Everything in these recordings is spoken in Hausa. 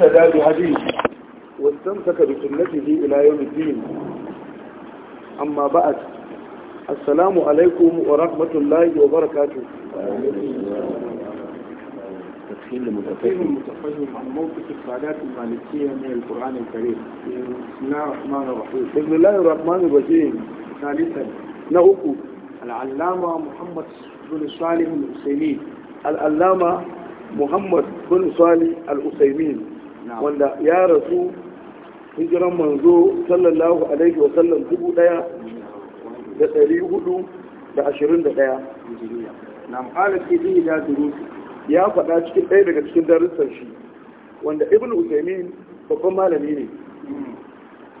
هدى هديه واستمسك بسنته إلى يوم الدين أما بعد السلام عليكم ورحمة الله وبركاته تدخيل المتفهم عن موقف السعادات المالكية من القرآن الكريم بسم الله الرحمن الرحيم بسم الله الرحمن الرحيم ثالثا نوكو العلامة محمد بن صالح الأسيمين العلامة محمد بن صالح الأسيمين wanda ya rasu hijiran manzo sallallahu alaihi wa sallam dubu daya da ɗari hudu da ashirin da ɗaya na mahalar kejin ya da ya faɗa cikin ɗaya daga cikin darussan shi wanda ibn usaimin babban malami ne hmm.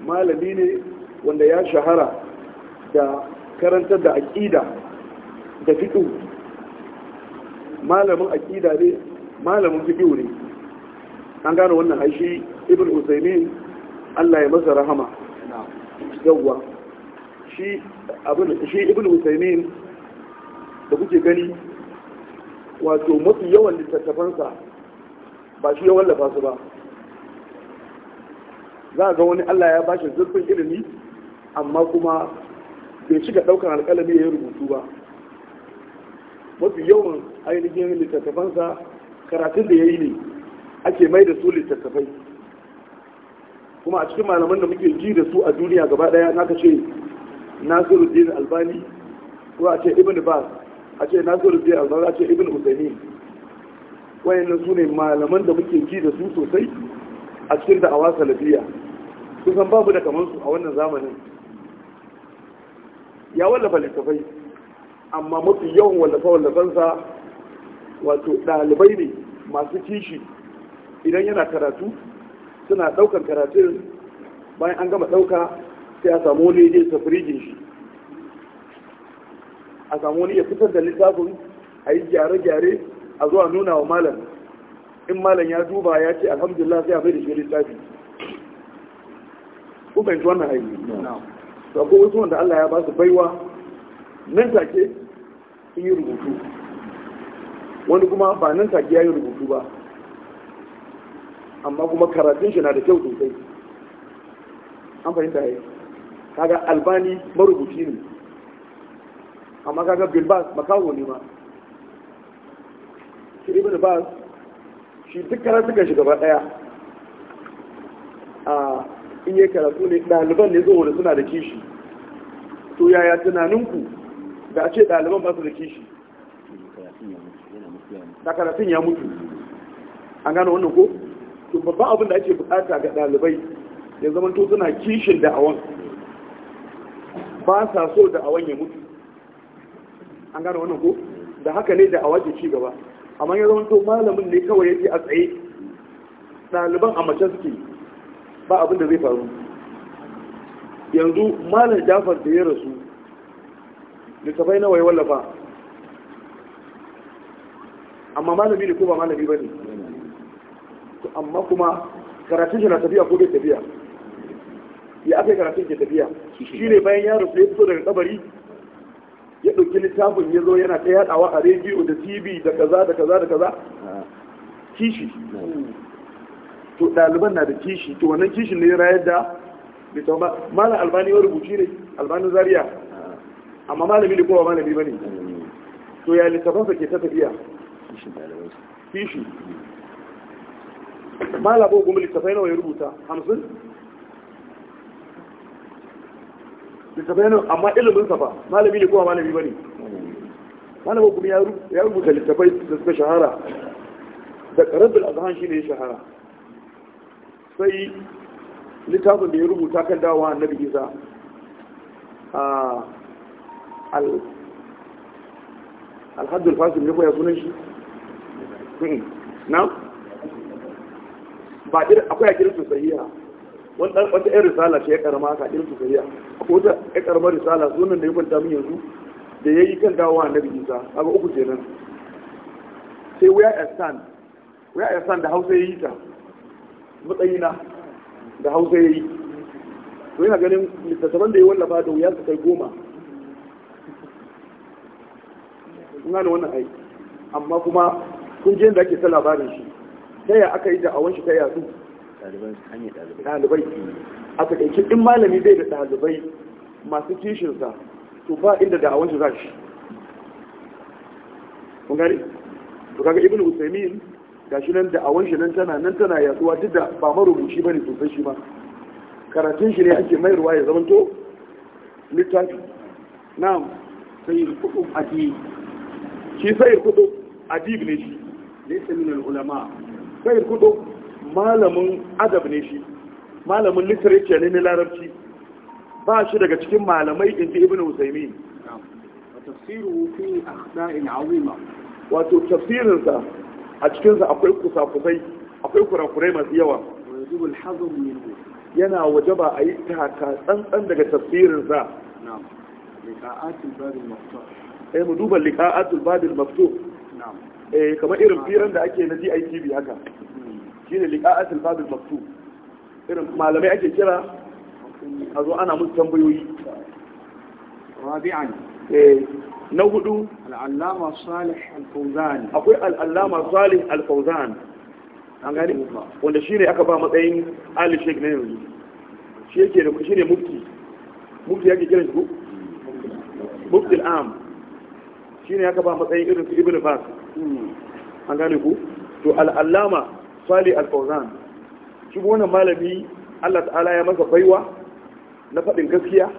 malami ne wanda ya shahara da karantar da aƙida da fito malamin aƙida ne malamin fito ne an gano wannan aishi ibn usaimin allah ya masa rahama yawwa shi ibn usaimin da kuke gani wato mafi yawan littattafansa ba shi ya wallafa su ba za a ga wani allah ya bashi zurfin ilimi amma kuma bai shiga daukar alƙalami ya yi rubutu ba mafi yawan ainihin littattafansa karatun da ya yi ne ake mai da su littattafai kuma a cikin malaman da muke ji da su a duniya gaba daya naka ce nasiruddin albani ko a ce ibn ba a ce nasiruddin albani a ce ibn usaini wayannan su ne malaman da muke ji da su sosai a cikin da'awa salafiya san babu da kamar su a wannan zamanin ya wallafa littafai amma mafi yawan wallafa wallafansa wato ɗalibai ne masu kishi idan yana karatu suna ɗaukar karatu, bayan an gama ɗauka sai a samu wani ya ta firijin shi a samu wani ya fitar da littafin a yi gyare-gyare a zuwa nuna wa malam in malam ya duba ya ce alhamdulillah sai a bai da shi littafi kun fahimci wannan aiki to ko wasu wanda Allah ya ba su baiwa nan take sun yi rubutu wani kuma ba nan take ya yi rubutu ba amma kuma karatun shi na da kyau sosai an fahimta ya kaga albani marubuci ne amma kaga bilbas makawo ne ma shi ibn bas shi duk karatun kan shi gaba daya a in yi karatu ne ɗaliban ne zuwa suna da kishi to yaya tunaninku da a ce ɗaliban ba su da kishi da karatun ya mutu an gano wannan ko to babba abin da ake bukata ga ɗalibai ya zama to suna kishin da'awan ba sa so da'awan ya mutu an gane wannan ko da haka ne da'awa ke ci gaba amma ya zama to malamin ne kawai yake a tsaye ɗaliban a mace suke ba abin da zai faru yanzu malam jafar da ya rasu littafai nawa ya wallafa amma malami ne ko ba malami ba ne to amma kuma karatun shi na tafiya ko bai tafiya ya aka karatun ke tafiya shi ne bayan ya rufe fito daga kabari ya ɗauki littafin ya zo yana ta yaɗawa a rediyo da tv da kaza da kaza da kaza kishi to ɗaliban na da kishi to wannan kishin ne rayar da Mala malam albani wa rubuci ne albanin Zariya? amma malami ne kowa malami ba ne to ya littafansa ke ta tafiya kishi malabo goma littafai nawa ya rubuta hamsin littafai nawa amma ilimin sa ba malami ne kuma malami ba ne malabo goma ya rubuta littafai da suka shahara da karabin azhan shi ne ya shahara sai littafin da ya rubuta kan dawa na isa a alhaddul fasil ne ko ya sunan shi hmm, na ba akwai a kirkin sahiha wanda wata yan risala ce ya karama ka kirkin sahiha akwai wata yan karamar risala su sunan da ya kwanta min yanzu da ya yi kan dawowa annabi isa aga uku ce nan, sai where i stand where i stand da hausa ya yi ta matsayina da hausa ya yi to yana ganin littattafan da ya wallafa da wuya su kai goma kun gane wannan aiki amma kuma kun je da ake ta labarin shi ta aka yi da'awan shi ta yadu ɗalibai a takaice in malami bai da ɗalibai masu kishinsa to ba inda da'awan shi za shi kun gari to kaga ibn usaimin shi nan da'awan shi nan tana nan tana yaduwa duk da ba marubuci ne sosai shi ma karatun shi ne ake mayarwa ya to littafi na'am sai kutub adib shi sai kudu adib ne shi laysa min al-ulama sayar kudu malamin adab ne shi malamin literature ne na larabci ba shi daga cikin malamai in ji ibn usaimi wato tafsirinsa a cikinsa akwai kusa-kusai akwai kurakurai masu yawa yana waje ba a yi taka tsantsan daga tafsirinsa liqa'atul babil maftuh eh mu duba liqa'atul babil maftuh na'am Eh, kamar irin firan da ake na DITB haka shine liqa'atul fadil maktu irin malamai ake kira a zo ana musu tambayoyi rabi'an eh, na hudu al'allama salih al-fawzan akwai al'allama salih al-fawzan an gani wanda shine aka ba matsayin ali sheik na yanzu shi yake da ne Mukti mukti yake kiran shi Mukti al-am shine aka ba matsayin irin su ibn bas Hmm. an gane ku to al'allama sali al quran shi gona malami Allah ta'ala ya masa baiwa na faɗin gaskiya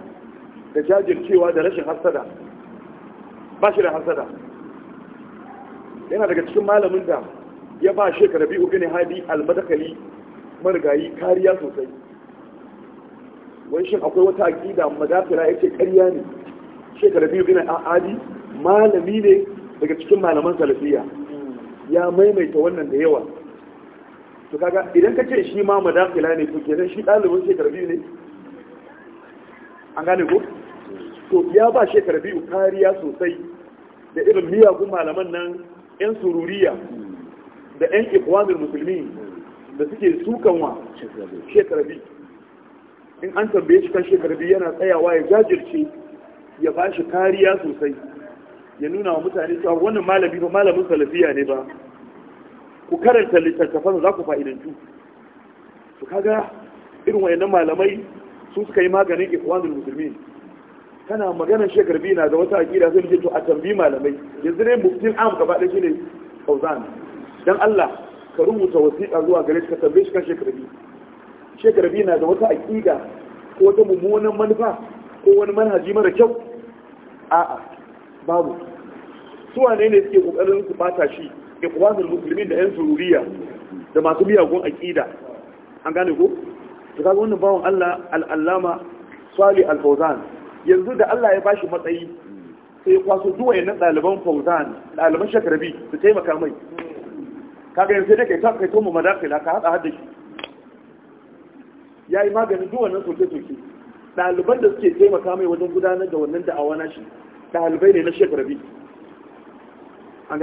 da jajircewa da rashin hasada ba shi da hasada yana daga cikin malamin da ya ba shekara biyu bin hadi al-madakali marigayi kariya sosai wani shin akwai wata akida madafira yake kariya ne shekara biyu hadi malami ne daga cikin malaman salafiya ya maimaita wannan da yawa to kaga idan ka ce shi ma madakila ne to kenan shi dalibin shekar biyu ne an gane ko to ya ba shekar biyu kariya sosai da irin miyagun malaman nan yan sururiya da yan ikwamin musulmi da suke sukanwa biyu in an tambaye shi kan shekar biyu yana tsayawa ya jajirce ya ba shi kariya sosai ya nuna wa mutane cewa wannan malami ba malamin salafiya ne ba ku karanta littattafan za ku fa'idantu su kaga irin wayannan malamai su suka yi maganin ikwanul musulmi kana maganar shekar biyu na da wata akida sai ce to a tambi malamai yanzu ne muftin am gaba shi ne kauzan dan Allah ka rubuta wasiƙa zuwa gare shi ka tambaye shi kan shekar biyu shekar biyu na da wata akida ko wata mummunan manufa ko wani manhaji mara kyau a'a babu su wane ne suke kokarin su bata shi ikhwanul musulmi da yan sururiya da masu miyagun aƙida an gane ko su kaga wannan bawon Allah al swali al fauzan yanzu da Allah ya bashi matsayi sai ya kwaso duwa yana ɗaliban fauzan ɗaliban Shakarabi su taimaka mai kaga yanzu da kai ta kai tomo mu madakila ka haɗa hadda shi yi maganin duk nan soke soke ɗaliban da suke taimaka mai wajen gudanar da wannan da'awa na shi ɗalibai ne na shekarabi. an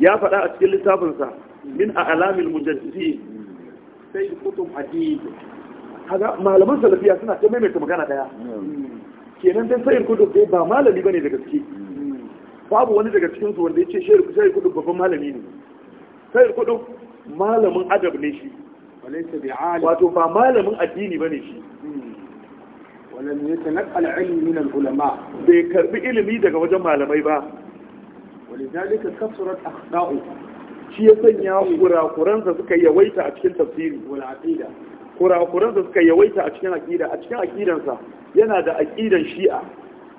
ya faɗa a cikin littafinsa min a alamin mujaddidi sai kutum hadid kaga malaman salafiya suna ta maimaita magana daya kenan dan sai kudu dai ba malami bane da gaske babu wani daga cikin su wanda yace sayyid sai kudu babban malami ne sai kudu malamin adab ne shi walaysa bi'alim wato ba malamin addini bane shi walam yatanaqqal ilmi min al-ulama bai karbi ilimi daga wajen malamai ba ولذلك كثرت أخطاؤه shi ya sanya kurakuransa suka yawaita a cikin tafsiri wal aqida kurakuransa suka yawaita a cikin aqida a cikin aqidansa yana da aqidan shi'a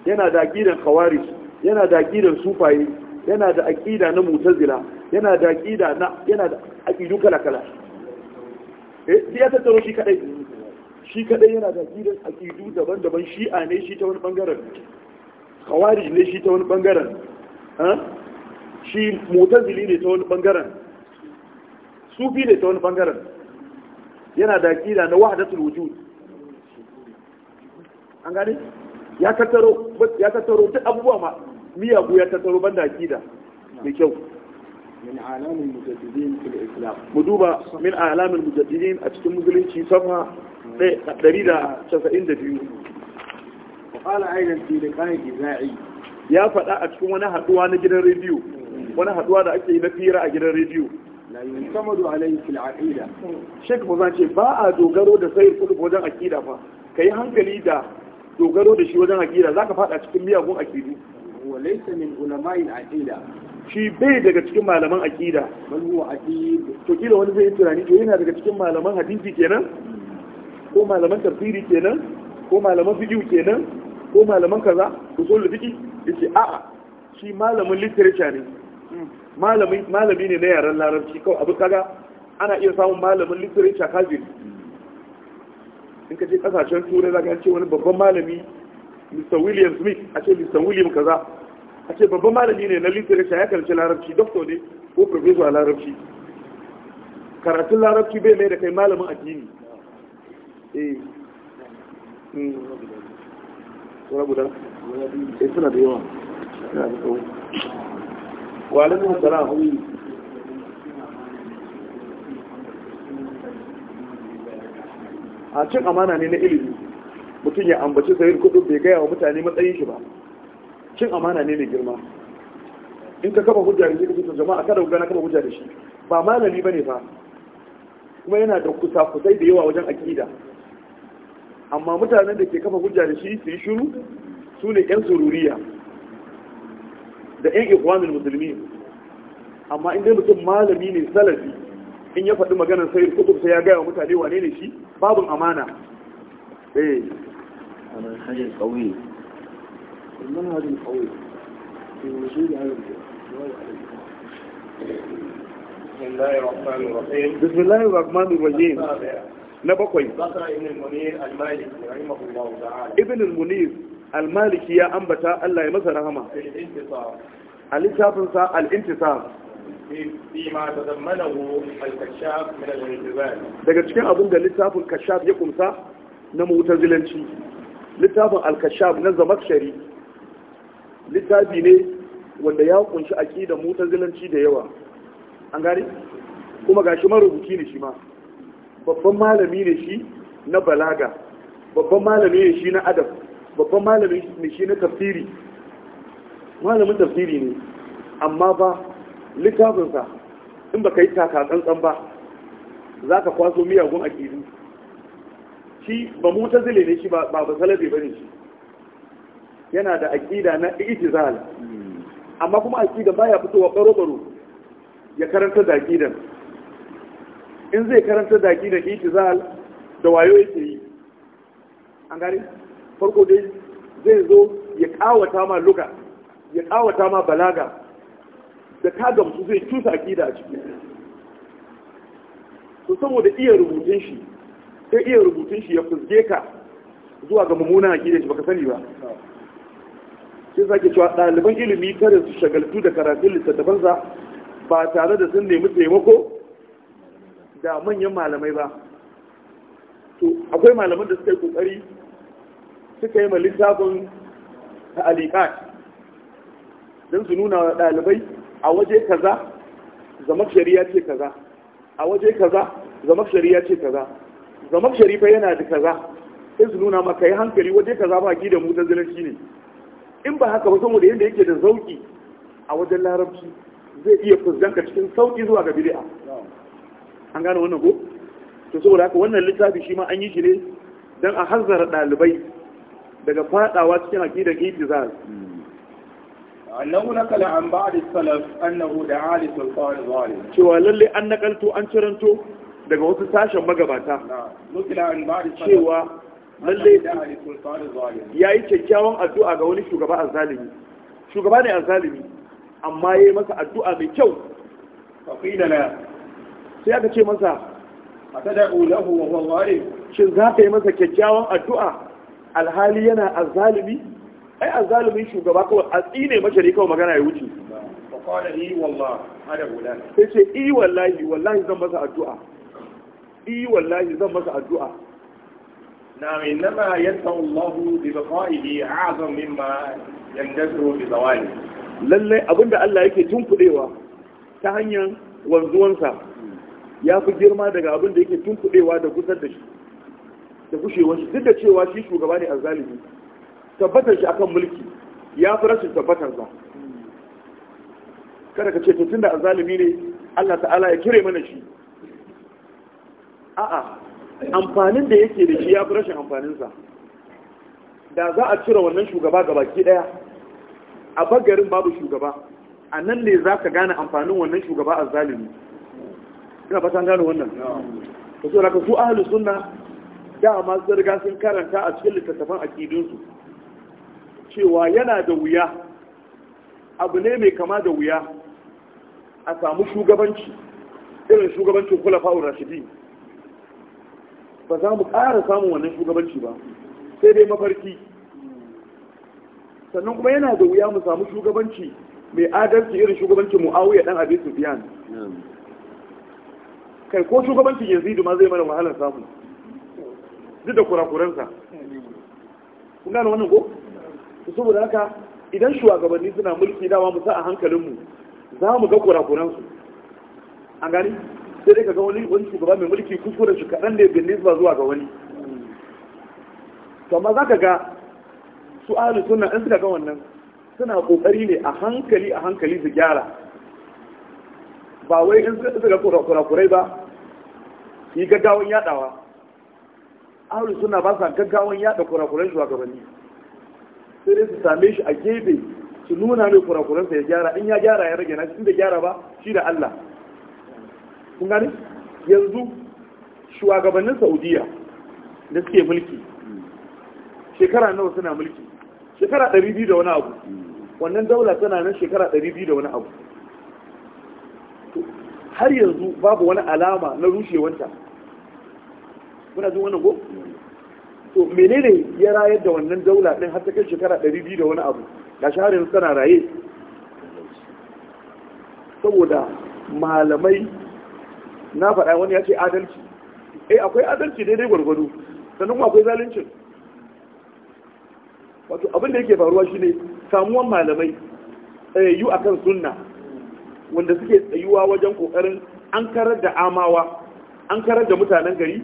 yana da aqidan khawarij yana da aqidan sufaye yana da aqida na mutazila yana da aqida na yana da aqidu kala kala eh ya tattaro shi kadai shi kadai yana da aqidan aqidu daban-daban shi'a ne shi ta wani bangaren khawarij ne shi ta wani bangaren eh shi motar mutazili ne ta wani bangaren sufi ne ta wani bangaren yana da kira na wahadatul wujud an gane ya tattaro ya duk abubuwa ma miya ko ya tattaro ban da kida mai kyau min alamin mujaddidin fil mu duba a cikin musulunci sama dari da casa'in da biyu. Ya إذاعي a cikin wani أنا na gidan rediyo. wani haduwa da ake yi na fira a gidan rediyo shek mu ce ba a dogaro da sai kudu wajen aqida fa kai hankali da dogaro da shi wajen za ka fada cikin miyagun akidu wa min ulama'il shi bai daga cikin malaman akida bal huwa aqid to kila wani zai tunani to yana daga cikin malaman hadisi kenan ko malaman tafsiri kenan ko malaman fiqh kenan ko malaman kaza usul fiqh yace a'a shi malamin literature ne malami ne na yaren larabci kawai abu kaga ana iya samun malamin literature kazin in ka ce kasashen turai za ka ce wani babban malami mr william smith a ce mr william kaza a ce babban malami ne na literature ya karshe larabci doctor ne ko professor a larabci karatun larabci bai mai da kai malamin addini eh, hmm. eh suna da yawa suna da wa alaikum salam a cin amana ne na ilimi mutum ya ambaci sayar kudu bai gaya wa mutane matsayin shi ba cin amana ne mai girma in ka kafa hujja da shi ka fito jama'a kada gana kafa hujja da shi ba malami ne fa kuma yana da kusa-kusai da yawa wajen akida amma mutanen da ke kafa hujja da shi su yi shiru su ne yan sururiya da yan ikwamin musulmi amma in dai mutum malami ne salafi in ya faɗi maganar sai kutub sai ya gaya wa mutane wane ne shi babin amana eh manhaj al-qawi manhaj al-qawi fi wujud بسم الله الرحمن الرحيم بسم الله الرحمن bakwai. almaliki ya ambata Allah ya masa rahama a littafinsa al'intisar daga cikin abin da littafin kashaf ya kumsa na Zilanci. littafin al-kashaf na zamakshari littafi ne wanda ya kunshi aqidar Zilanci da yawa an gani kuma gashi marubuci ne shi ma babban malami ne shi na balaga babban malami ne shi na adab babban malamin mai shi na tafsiri malamin tafsiri ne amma ba littafinsa in ba ka yi takatsantsan ba za ka kwaso miyagun akidu shi ba mota zile ne shi ba ba salabe ba ne shi yana da akida na zahal. amma kuma akida baya wa baro-baro ya karanta da akidan in zai karanta da akidan zahal, da wayo yake yi an gari farko dai zai zo ya kawata ma luka ya kawata ma balaga da ka gamsu zai cusa akida a ciki to saboda iya rubutun shi sai iya rubutun shi ya fuske ka zuwa ga mummunan akida shi baka sani ba sai sake cewa ɗaliban ilimi tare su shagaltu da karatun littattafansa ba tare da sun nemi taimako da manyan malamai ba to akwai malaman da suka yi kokari suka yi ma littafin ta'alikat don su nuna wa ɗalibai a waje kaza zamakshari ya ce kaza a waje kaza zamakshari ya ce kaza zamakshari fa yana da kaza sai su nuna maka yi hankali waje kaza ba gida mu ta zilanci ne in ba haka ba saboda yadda yake da zauki a wajen larabci zai iya fuskanta cikin sauki zuwa ga bid'a an gane wannan ko to saboda haka wannan littafi shi ma an yi shi ne dan a hanzara dalibai. daga fadawa cikin aqidar itizal annahu nakala an ba'd salaf annahu da'a sultan zalim cewa lalle an nakalto an ciranto daga wasu sashen magabata nukila an ba'd salaf cewa lalle yayi kyakkyawan addu'a ga wani shugaba azzalimi shugaba ne azzalimi amma yayi masa addu'a mai kyau faqila la sai aka ce masa atada'u lahu wa huwa zalim shin za ka yi masa kyakkyawan addu'a alhali yana azalibi ai azzalimin shugaba kawai a tsine mashari kawai magana ya wuce ta ce i wallahi wallahi zan masa addu'a i wallahi zan masa addu'a na mai nama yadda Allahu bi baqa'ihi azan mimma yandasu bi zawali lallai abinda Allah yake tunkudewa ta hanyar wanzuwansa ya fi girma daga abinda yake tunkudewa da gusar da shi da gushewar shi duk da cewa shi shugaba ne a zalibi tabbatar shi akan mulki ya fi rashin tabbatar sa kada ka ce da a zalimi ne Allah ta'ala ya kire mana shi a'a amfanin da yake da shi ya fi rashin amfaninsa. da za a cire wannan shugaba gabaki daya a bagarin babu shugaba a nan ne za ka gane amfanin wannan shugaba a azzalimi ina fatan gane wannan ka da ka su ahlus sunna dama sun riga sun karanta a cikin littattafan aƙidunsu cewa yana da wuya abu ne mai kama da wuya a samu shugabanci irin shugabancin kula fa'ur rashidi ba za mu ƙara samun wannan shugabanci ba sai dai mafarki sannan kuma yana da wuya mu samu shugabanci mai adalci irin shugabancin mu'awiyya dan abin sufiyan kai ko shugabancin yanzu ma zai mana wahalar samu duk da kurakuransa kun gane wannan ko saboda haka idan shugabanni suna mulki dama mu sa a hankalinmu za mu ga kurakuransu an gani sai dai ka ga wani wani shugaba mai mulki kuskure shi kaɗan da bin nisba zuwa ga wani to amma za ka ga su ari suna in suka ga wannan suna kokari ne a hankali a hankali su gyara ba wai in suka ga kurakurai ba yi gaggawan yadawa ahalus suna ba sa gaggawan yada kurakuran shugabanni sai dai su same shi a gefe su nuna mai kurakuransa ya gyara in ya gyara ya rage na shi da gyara ba shi da Allah kun gani yanzu shugabannin Saudiya da suke mulki shekara nawa suna mulki shekara 200 da wani abu wannan daula tana nan shekara 200 da wani abu har yanzu babu wani alama na rushewanta muna jin wannan ko to menene ya rayar da wannan daula din har ta kai shekara 200 da wani abu ga shahara yanzu tana raye saboda malamai na faɗa wani ya ce adalci eh akwai adalci daidai gwargwado sannan kuma akwai zaluncin wato abin da yake faruwa shine samuwan malamai tsayayyu eh, akan sunna wanda suke tsayuwa wajen kokarin an karar da amawa an karar da mutanen gari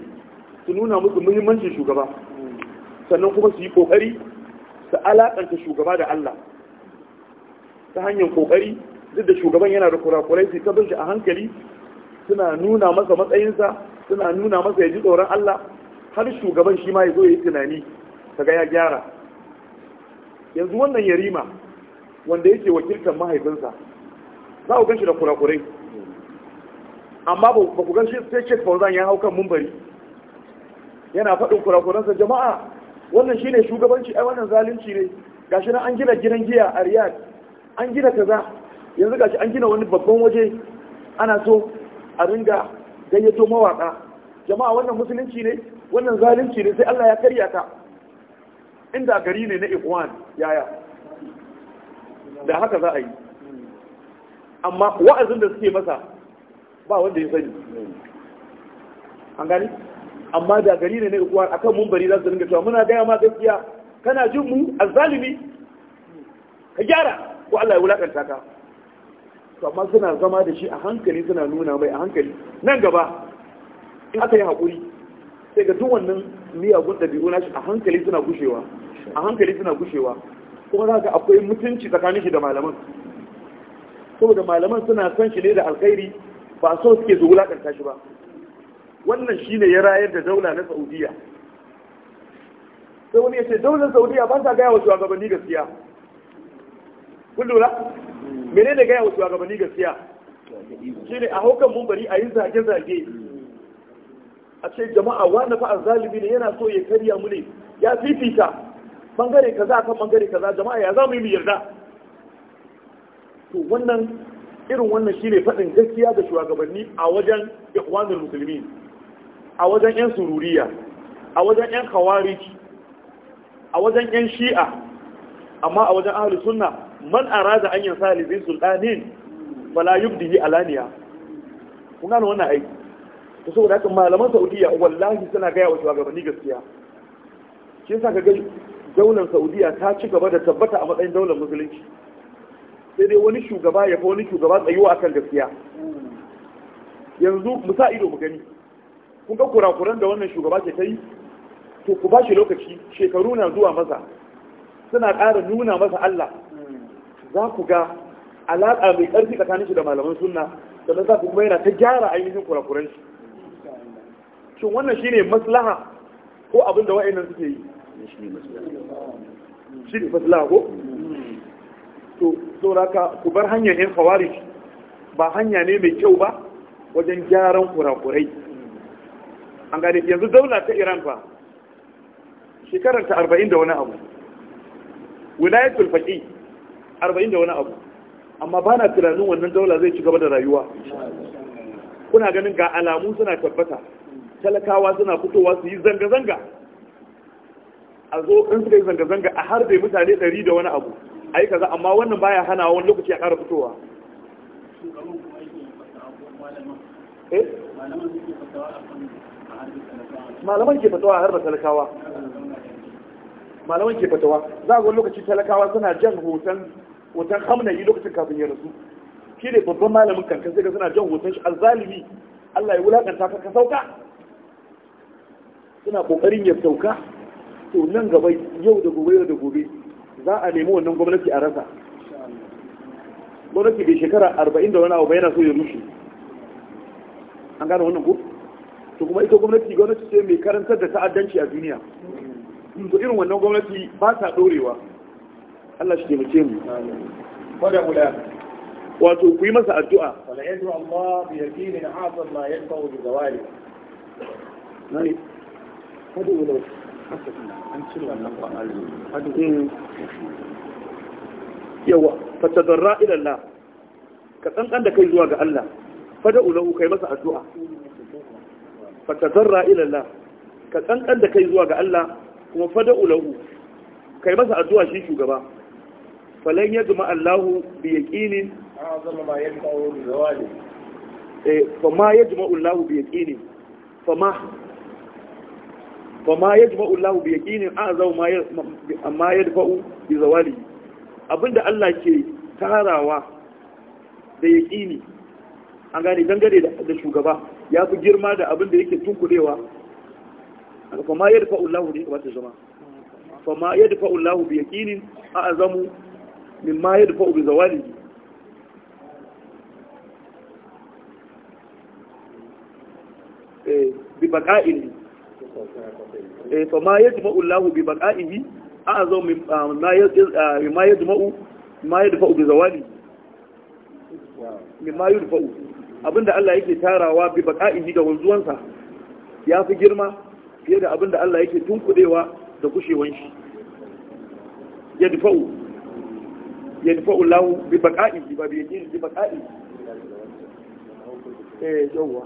su nuna musu muhimmancin shugaba sannan kuma su yi kokari su alakanta shugaba da Allah ta hanyar kokari duk da shugaban yana da kurakurai su ta shi a hankali suna nuna masa matsayinsa suna nuna masa ya ji tsoron Allah har shugaban shi ma ya zo ya yi tunani kaga ya gyara yanzu wannan yarima wanda yake wakiltar mahaifinsa za ku ganshi da kurakurai amma ba ku ganshi sai shek zan ya hau kan mumbari yana faɗin kurakuransa jama'a wannan shi ne shugabanci ai wannan zalunci ne gashi na an gina gidan giya a riyad an gina kaza yanzu gashi an gina wani babban waje ana so a ringa gayyato mawaƙa. jama'a wannan musulunci ne wannan zalunci ne sai Allah ya karya ka inda gari ne na ikwan yaya da haka za a yi amma wa'azin da suke masa ba wanda ya sani an gani amma da gari ne na ikuwa akan mumbari za su dinga cewa muna gaya ma gaskiya kana jin mu azzalimi ka gyara ko Allah ya wulakanta ka to amma suna zama da shi a hankali suna nuna mai a hankali nan gaba in aka yi hakuri, sai ga duk wannan miyagun dabi'u na shi a hankali suna gushewa a hankali suna gushewa kuma za ka akwai mutunci tsakanin shi da malaman saboda malaman suna son shi ne da alkhairi ba so suke zo wulaƙanta shi ba wannan shi ne ya rayar da daula na saudiya sai wani ya ce daular saudiya ba ta gaya wa shugabanni gaskiya kun lura mene ne gaya wa shugabanni gaskiya ne a haukan mumbari a yi zage-zage a ce jama'a wani fa'a zalibi ne yana so ya karya mu ne ya fifita bangare kaza kan bangare kaza jama'a ya za mu yi mu yarda to wannan irin wannan ne faɗin gaskiya ga shugabanni a wajen ikwanul musulmi a wajen 'yan sururiya a wajen 'yan kawariki a wajen 'yan shi'a amma a wajen ahalus sunna man arada an yin lizin sultanin fala yubdihi alaniya kun gano wannan aiki to saboda haka malaman saudiya wallahi suna gaya wa shugabanni gaskiya shi yasa ka ga daular saudiya ta ci gaba da tabbata a matsayin daular musulunci sai dai wani shugaba ya fi wani shugaba tsayuwa akan gaskiya yanzu musa ido mu gani kun ga kurakuran da wannan shugaba ke ta yi to ku ba shi lokaci shekaru na zuwa masa suna ƙara nuna masa Allah za ku ga alaƙa mai ƙarfi tsakanin shi da malaman sunna sannan za ku kuma yana ta gyara ainihin kurakuran shi shin wannan shine maslaha ko abin da wa'annan suke yi shi maslaha ko to sauraka ku bar hanyar yan khawarij ba hanya ne mai kyau ba wajen gyaran kurakurai an gane yanzu daula ta iran ba shekarar ta arba'in da wani abu wilayatul tulfaki arba'in da wani abu amma ba na tunanin wannan daula zai ci gaba da rayuwa kuna ganin ga alamu suna tabbata talakawa suna fitowa su yi zanga-zanga a zo in suka yi zanga-zanga a harbe mutane dari da wani abu a yi kaza amma wannan baya hana wani lokaci a ƙara fitowa eh malaman ke fatawa a harba talakawa malaman ke fatawa za a lokaci talakawa suna jan hoton hoton yi lokacin kafin ya rasu shi ne babban malamin kankan sai ga suna jan hoton shi alzalimi Allah ya wulakanta ka ka sauka suna kokarin ya sauka to nan gaba yau da gobe yau da gobe za a nemi wannan gwamnati a rasa gwamnati bai shekara arba'in da wani abu ba yana so ya rushe an gane wannan ku? to kuma ita gwamnati gwamnati ce mai karantar da ta'addanci a duniya to irin wannan gwamnati ba ta dorewa Allah shi taimake mu fada kula wato ku yi masa addu'a wala yadu Allah bi yaqinin hasan ma yadfa'u bi zawali nani fada kula an cire wannan fa'ali fada mm. yawa fatadarra ila Allah ka tsantsan da kai zuwa ga Allah fada ulahu kai masa addu'a fatazarra ila Allah ka kankan da kai zuwa ga Allah kuma fada'u lahu kai masa addu'a shi shugaba falan yajma Allah bi yaqinin azama ma yanfa'u bi zawali eh fa ma yajma Allah bi yaqinin fa ma fa ma yajma Allah bi yaqinin azama ma ma yadfa'u bi zawali abinda Allah ke tarawa da yaqini an gane dangane da shugaba ya fi girma da abin da yake tunkudewa fama yadda fa'ullahu ne wata zama fama yadda fa'ullahu bi yaƙinin a azamu min ma yadda fa'u bi zawalihi eh, bi baƙa'ili eh, fama yadda fa'ullahu bi baƙa'ihi a azamu min ma yadda eh, fa'u bi zawalihi min ma yadda fa'u abinda Allah yake tarawa bi baqa'ihi da wanzuwansa ya fi girma fiye da abinda Allah yake tunkudewa da kushewan shi yadfa'u yadfa'u lahu bi baqa'ihi ba bi yadin bi baqa'ihi eh yawa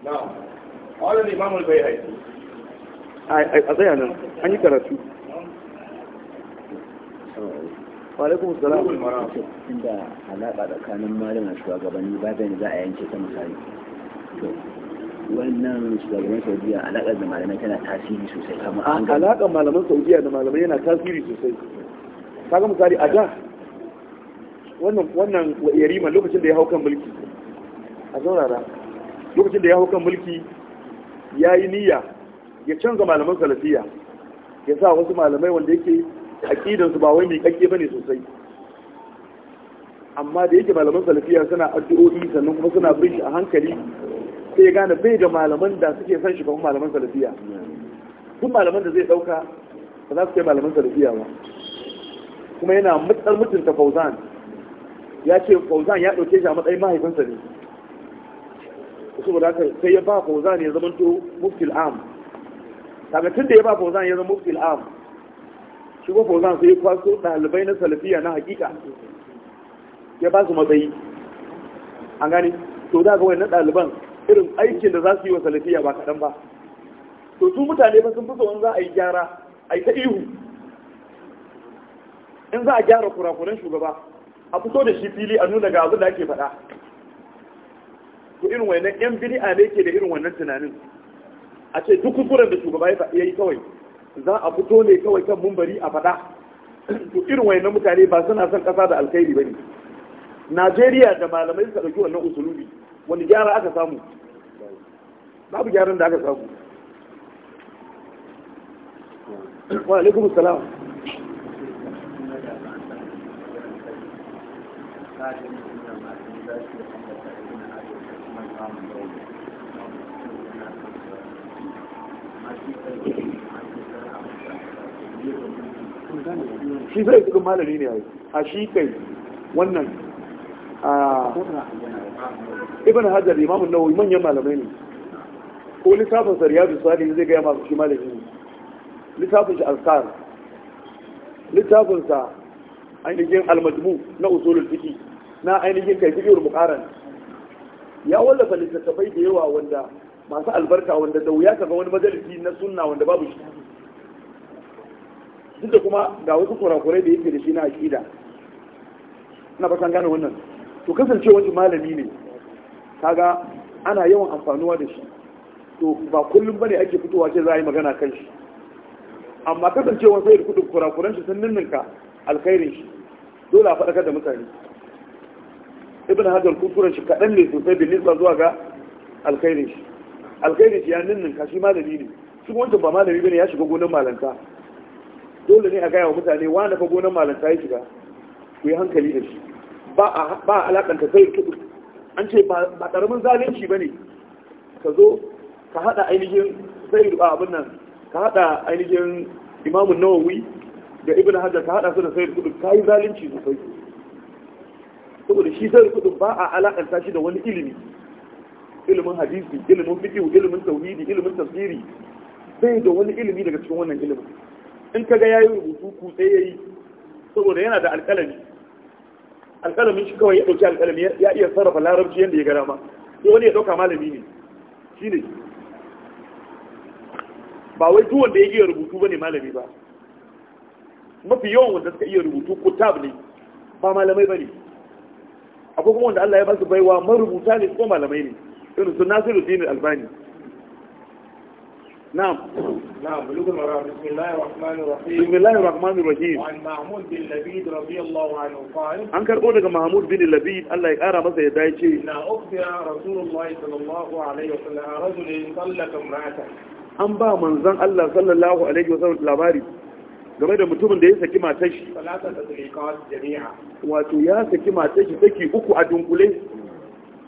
na'am qala al-imam al-bayhaqi a tsaya nan an yi karatu alaikum salam inda alaƙa tsakanin malama shugabanni ba zai za a yanke ta misali to wannan shugaban saudiya alaƙar da malamai tana tasiri sosai kamar an ga alaƙar malaman saudiya da malamai yana tasiri sosai kaga misali a da wannan wannan yarima lokacin da ya hau kan mulki a saurara lokacin da ya hau kan mulki ya yi niyya ya canza malaman salafiya ya sa wasu malamai wanda yake aqidansu ba wai mai ba ne sosai amma da yake malaman salafiya suna addu'o'i sannan kuma suna bin shi a hankali sai ya gane bai da malaman da suke san shi kuma malaman salafiya duk malaman da zai ɗauka ba za su kai malaman salafiya ba kuma yana mutsar mutunta fauzan ya ce fauzan ya ɗauke shi a matsayin mahaifinsa ne saboda haka sai ya ba fauzan ya zama to muftil am kaga ya ba fauzan ya zama muftil shi ko fauzan sai kwaso ɗalibai na salafiya na hakika ya ba su matsayi an gani to da ga wani ɗaliban irin aikin da za su yi wa salafiya ba kaɗan ba to su mutane ba sun fi so in za a yi gyara a yi ta ihu in za a gyara kurakuran shugaba a fito da shi fili a nuna ga abin da ake faɗa to irin wannan yan a ne ke da irin wannan tunanin a ce duk kukuran da shugaba ya yi kawai za a fito ne kawai kan mumbari a faɗa to irin na mutane ba suna son ƙasa da alkhairi ba ne najeriya da malamai suka dauki wannan usulubi wani gyara aka samu babu gyaran da aka samu wa alaikum assalam Thank you. shi zai cikin malami ne a shi kai wannan a ibn hajjar imamun nawawi manyan malamai ne ko littafin sariyadu sali zai gaya masu shi malami ne littafin shi alkar littafin ainihin almajmu na usulun ciki na ainihin kai fi fiqi muqaran ya wallafa littattafai da yawa wanda masu albarka wanda da wuya kaga wani majalisi na sunna wanda babu shi duk da kuma ga wasu kurakurai da yake da shi na aƙida ina ba san gane wannan to kasance wani malami ne kaga ana yawan amfanuwa da shi to ba kullum bane ake fitowa ce za a yi magana kan shi amma wani sai da kudin kurakuran shi sun ninninka alkhairin shi dole a faɗakar da mutane ibn hajar kusuran shi kaɗan ne sosai da nisa zuwa ga alkhairin shi alkhairin shi ya ninninka shi malami ne shi wancan ba malami bane ya shiga gonan malanta dole ne a gaya wa mutane wani fa gonan malanta ya shiga ku yi hankali da shi ba a alakanta sai kudu an ce ba karamin zalunci ba ne ka zo ka haɗa ainihin sai ruwa abin nan ka haɗa ainihin imamun nawawi da ibn hajar ka haɗa su da sai kudu ka yi zalunci sosai saboda shi sayar kudu ba a alakanta shi da wani ilimi ilimin hadisi ilimin fiqh ilimin tauhidi ilimin tafsiri sai da wani ilimi daga cikin wannan ilimin in kaga yi rubutu ya yi, saboda yana da alƙalami alƙalamin shi kawai ya ɗauki alƙalami ya iya sarrafa larabci yadda ya gara ma sai wani ya ɗauka malami ne shi ne ba wai duk wanda ya iya rubutu ba ne malami ba mafi yawan wanda suka iya rubutu ko tab ne ba malamai ba ne akwai kuma wanda Allah ya ba su baiwa marubuta ne ko malamai ne irin su Nasiruddin Albani نعم نعم بلوغ بسم الله الرحمن الرحيم بسم الله الرحمن الرحيم عن محمود بن لبيد رضي الله عنه قال عن كرقو daga محمود بن لبيد الله يقرا masa ya dai ce na ukhya rasulullahi sallallahu alaihi wasallam rajulin sallaka imra'ata an ba manzan Allah sallallahu alaihi wasallam labari game da mutumin da ya saki matar shi wato ya saki matar shi saki uku a dunkule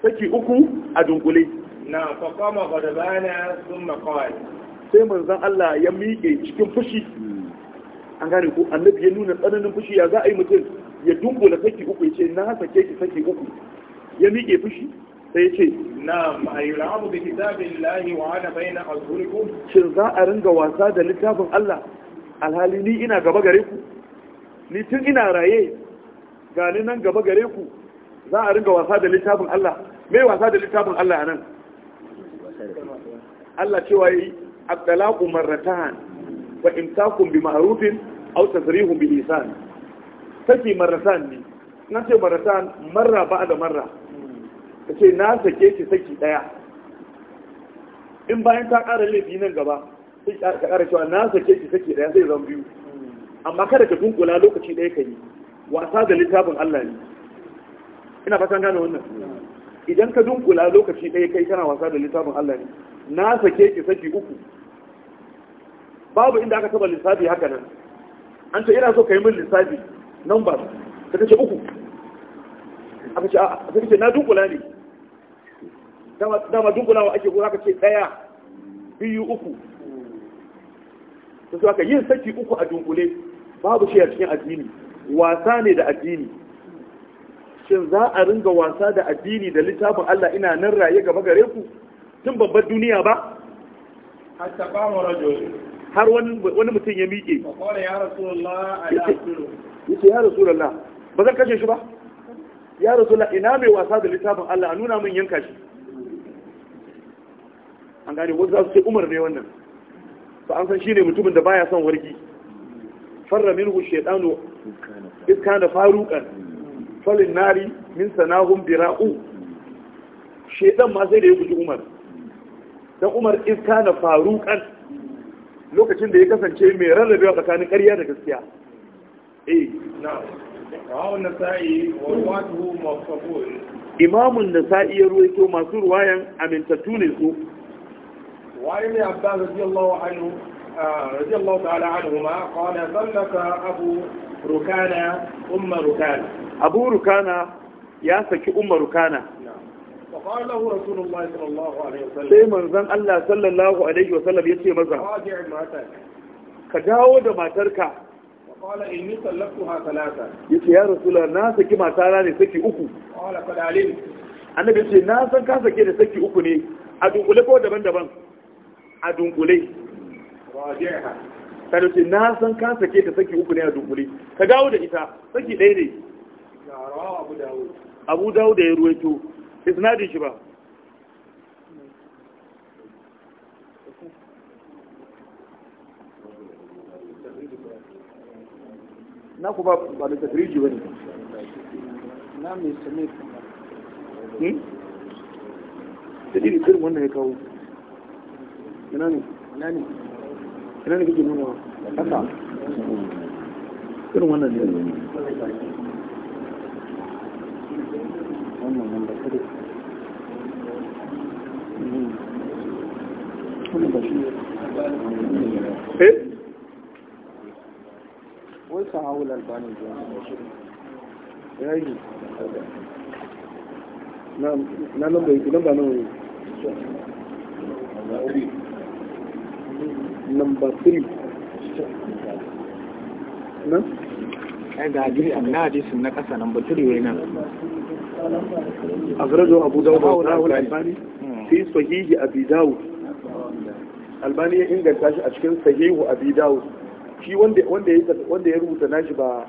saki uku a dunkule na faqama bana thumma qala sai manzan Allah ya miƙe cikin fushi an gane ko annabi ya nuna tsananin fushi ya za a yi mutum ya dumbula saki uku ya ce na sake ki saki uku ya miƙe fushi sai ce na'am da bi lahi wa ana baina azhurikum shin za a ringa wasa da littafin Allah alhali ni ina gaba gare ku ni tun ina raye gani nan gaba gare ku za a ringa wasa da littafin Allah me wasa da littafin Allah a nan Allah cewa ya yi الطلاق مرتان وامساك بمعروف او تسريح بإحسان سكي مرتان ني نسي مرتان مره بعد مره kace na sake ki saki daya in bayan ta ƙara laifi nan gaba sai ka ƙara cewa na sake ki saki daya sai zan biyu amma kada ka dunkula lokaci daya ka yi wasa da littafin ina fatan gane wannan idan ka dunkula lokaci ɗaya kai kana wasa da littafin Allah ne na sake ki saki uku babu inda aka taba lissafi haka nan an ce ina so ka yi min lissafi numbers ta kace uku aka ce a ce na dunkula ne dama dunkulawa ake ko ka ce daya biyu uku su aka yin saki uku a dunkule babu shi a cikin addini wasa ne da addini shin za a ringa wasa da addini da littafin Allah ina nan raye gaba gare ku tun babbar duniya ba har wani mutum ya miƙe yace ya rasulullah ba zan kashe shi ba ya rasulullah ina mai wasa da littafin Allah a nuna min yanka shi an gane wanda za su ce umar ne wannan ba an san shi ne mutumin da baya son wargi farra hushe ɗano iska da farukan falin nari min sanahun bira'u shaidan ma sai da ya guji umar da umar in kana faruqan lokacin da ya kasance mai a tsakanin ƙarya da gaskiya eh na'am rawan nasa'i wa ruwatuhu mafqul imamun nasa'i ya ruwaito masu ruwayan amintattu ne su wa ibn abbas radiyallahu anhu رضي الله تعالى عنهما قال ذلك abu rukana أم rukana abu rukana ya saki umar rukana sai manzan Allah sallallahu alaihi wasallam ya ce maza ka dawo da matarka qala inni sallatuha thalatha yace ya rasulullah na saki matana ne saki uku qala qad alim annabi ce na san ka sake da saki uku ne a dunkule ko daban-daban a dunkule rajiha kada ce na san ka sake da saki uku ne a dunkule ka dawo da ita saki ɗaya ne abu dawo da ya ruwaito isnadin shi ba na ku ba ba da tafiriji ba na mai sami hmm? da kirin wannan ya kawo ina ne ina ne ina ne kake nuna haka wannan ne wannan number three eh wai sa ya yi na number nan? ai ga na hadisin na kasa number three wai nan أخرجه أبو داود وأخرجه الألباني في صحيح أبي داود الألباني ينقل تاشي أشكال صحيح أبي داود shi wanda ya rubuta nashi ba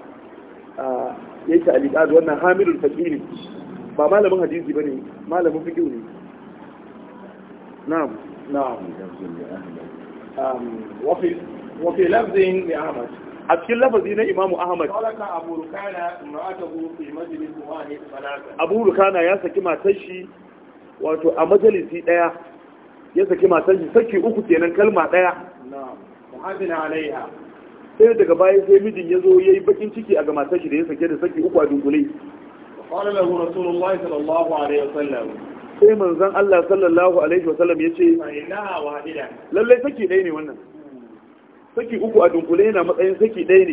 ya yi ta'alika da wannan hamilul fakiri ba malamin hadisi ba ne malamin fikiyu ne na'am na'am wafi a cikin lafazi na imamu ahmad abu rukana ya saki matashi, shi wato a majalisi daya ya saki matashi. shi saki uku kenan kalma daya sai daga baya sai mijin ya zo ya yi bakin ciki a ga matashi shi da ya sake da saki uku a dunkule sai manzan Allah sallallahu alaihi wasallam ya ce lallai saki ɗaya ne wannan saki uku a dunkule yana matsayin saki ɗaya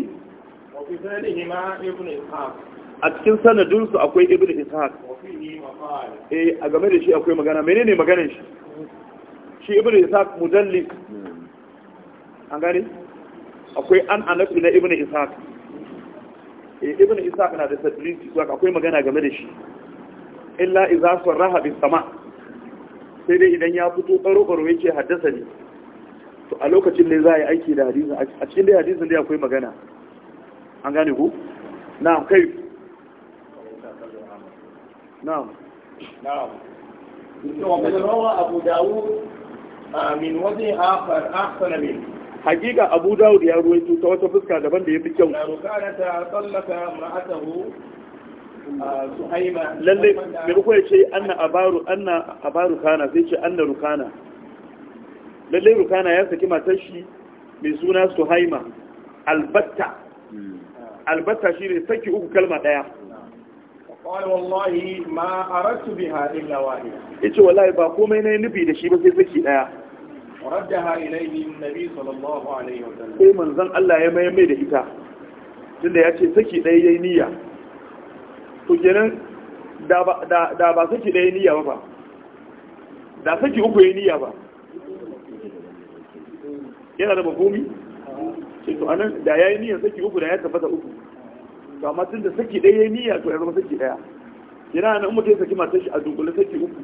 ne a cikin sanadunsu akwai ibn ishaq eh a game da shi akwai magana menene maganar shi shi ibn ishaq mudallis an gane akwai an anafi na ibn ishaq eh ibn ishaq na da tadrisi ko akwai magana game da shi illa idza sarraha bis sama sai dai idan ya fito karo karo yake haddasa ni to a lokacin ne za a yi aiki da hadisun a cikin dai hadisun dai akwai magana an gane ku? Na kai na'am na'am Hakika Abu Dawud ya ruwaito ta wata fuska daban da ya fi kyau. Lallai, mai rukwai ce, Anna Abaru, Anna Abaru Kana, sai ce, Anna Rukana. lallai rukana ya saki matar shi mai suna suhaima albatta albatta shi ne saki uku kalma daya qala wallahi ma aradtu biha illa wahida yace wallahi ba komai nayi nufi da shi ba sai saki daya raddaha ilayhi an-nabi sallallahu alaihi wa sallam sai manzon Allah ya mayan mai da ita tunda ce saki daya yayi niyya to kenan da ba da ba saki daya niyya ba ba. da saki uku yayi niyya ba yana da makomi sai to anan da yayi niyyar saki uku da ya tabbata uku to amma tun da saki ɗaya yayi niyya to ya zama saki ɗaya yana nan mutum ta saki mata shi a dunkule saki uku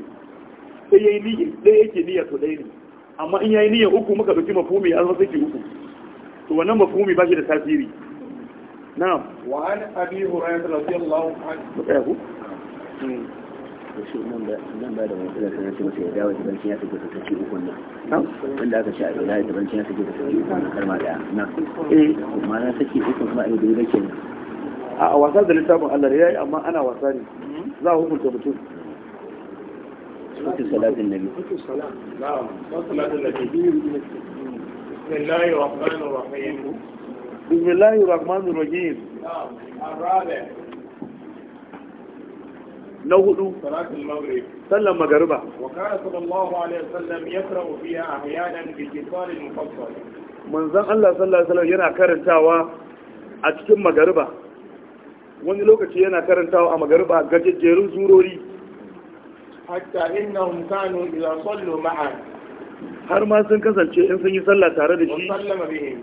sai yayi niyya ɗaya yake niyya to ɗaya ne amma in yayi niyya uku muka dauki mafumi ya zama saki uku to wannan mafumi ba shi da tasiri na'am wa an abi hurairah radiyallahu anhu shi nan da ya dawo da ya ukun wanda aka a daula da ya ukun na eh na ukun kuma a yi dole ke a wasa da littafin Allah ya yi amma ana wasa ne za a hukunta mutum صوت salatin النبي بسم الله الرحمن الرحيم بسم الله الرحمن الرحيم الرابع na hudu sallan magariba manzan Allah sallallahu alaihi yana karantawa a cikin magariba wani lokaci yana karantawa a magariba gajejjerun zurori hatta innahum kanu idza sallu ma'a har ma sun kasance in sun yi sallah tare da shi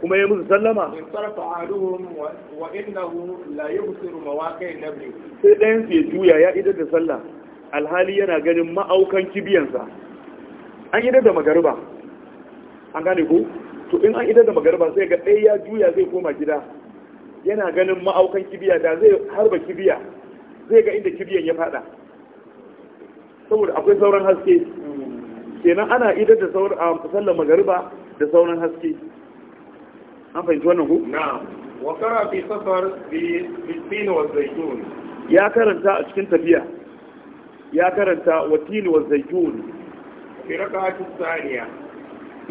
kuma ya musu sallama sai ɗayan su ya juya ya idar da sallah alhali yana ganin ma'aukan kibiyansa an idar da magariba an gane ko to in an idar da magariba sai ga ɗaya ya juya zai koma gida yana ganin ma'aukan kibiya da zai harba kibiya zai ga inda kibiyan ya fada saboda akwai sauran haske hmm. kenan ana idar da sauran um, magariba da sauran haske an fahimci wannan ku na wa kara fi safar bi bisin wa zaitun ya karanta a cikin tafiya ya karanta wa wa zaitun fi cikin thaniya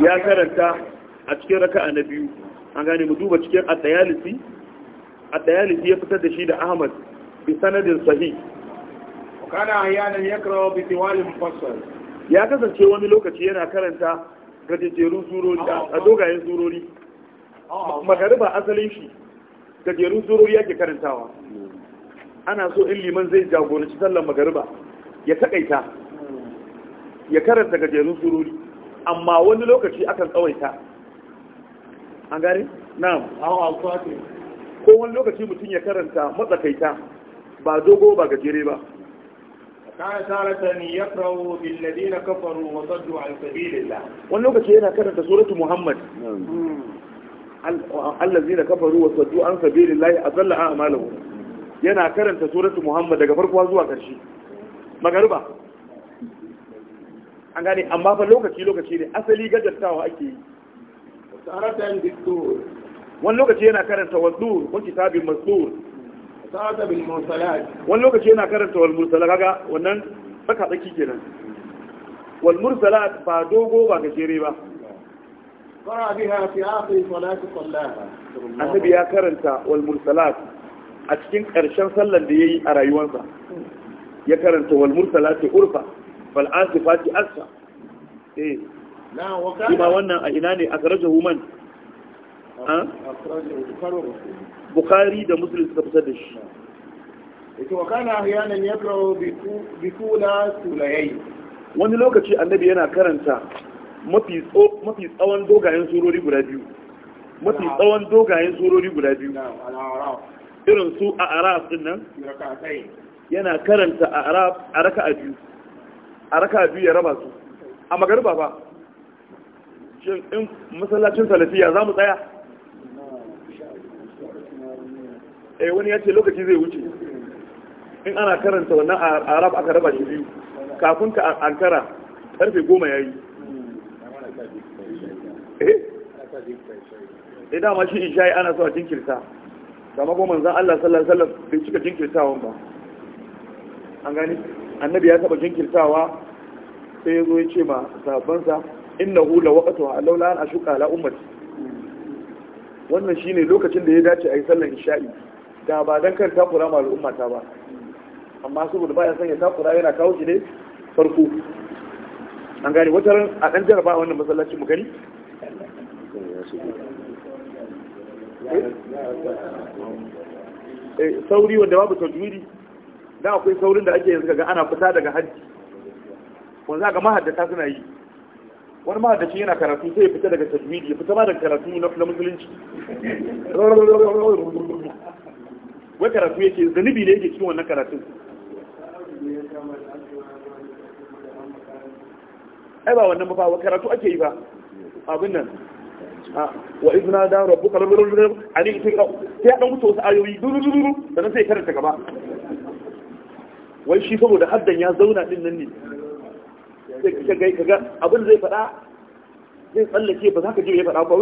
ya karanta a cikin raka'a na biyu an gane mu duba cikin atayalisi atayalisi ya fitar da shi da Ahmad bi sanadin sahih kana ayanan yakra bi tiwal mufassal ya kasance wani lokaci yana karanta gajejerun surori a dogayen surori Oh, magariba asalin shi gajerun ya yake karantawa ana so in liman zai jagoranci sallar magariba ya takaita ya karanta gajerun surori amma wani lokaci akan tsawaita an gari? na'am oh, ko wani lokaci mutum ya karanta matsakaita ba dogo ba gajere ba kana taratan kawo billadi na kafaru wa saddu an sabilillah wani lokaci yana karanta suratu muhammad hmm. allazina kafaru wa saddu an sabilillahi azalla a'malahum yana karanta suratul muhammad daga farko zuwa karshe magariba an gane amma fa lokaci lokaci ne asali gajartawa ake yi taratan diktur wani lokaci yana karanta wasdur ko kitabin masdur sa'ata bil mursalat wani lokaci yana karanta wal mursalat kaga wannan saka tsaki kenan wal mursalat ba dogo ba gajere ba annabi ya karanta wal mursalat a cikin karshen sallan da yayi a rayuwarsa ya karanta wal mursalat urfa fal asifat asfa eh wannan a ina ne a karaje human bukhari da muslim suka fitar da shi wani lokaci annabi yana karanta mafi tsawon dogayen surori guda biyu mafi tsawon dogayen surori guda biyu irin su a Arab din nan yana karanta a Arab a raka a biyu a raka a biyu ya raba su a magarba ba shin in masallacin salafiya za mu tsaya eh wani ya ce lokaci zai wuce in ana karanta wannan a aka raba shi biyu kafin ka ankara karfe goma ya yi da mashi shi shayi ana zuwa jinkirta da ko zan Allah sallallahu alaihi wasallam bai cika jinkirtawan ba an gani annabi ya taba jinkirtawa sai ya zo ya ce ma sahabbansa innahu la a laula an shuka ala umar. wannan shine lokacin da ya dace a yi sallar isha'i da ba dan kan takura ma al'ummata ba amma saboda baya sanya, ya takura yana kawo shi ne farko an gani wata ran a ɗan jarabawa wannan masallacin mu gani Eh, sauri wanda babu tajwidi da akwai saurin da ake yanzu kaga ana fita daga hajji wanda ga mahaddata suna yi wani mahaddaci yana karatu sai ya fita daga tajwidi ya fita ma daga karatu na musulunci wai karatu yake zanibi ne yake cikin wannan karatun ai ba wannan ba karatu ake yi ba abin nan wa izna da rabbuka rabbil ani sai ya dan wuce wasu ayoyi duru duru sannan sai karanta gaba wai shi saboda haddan ya zauna din nan ne sai ka ga abin zai faɗa zai tsallake ba za ka ji ya faɗa ba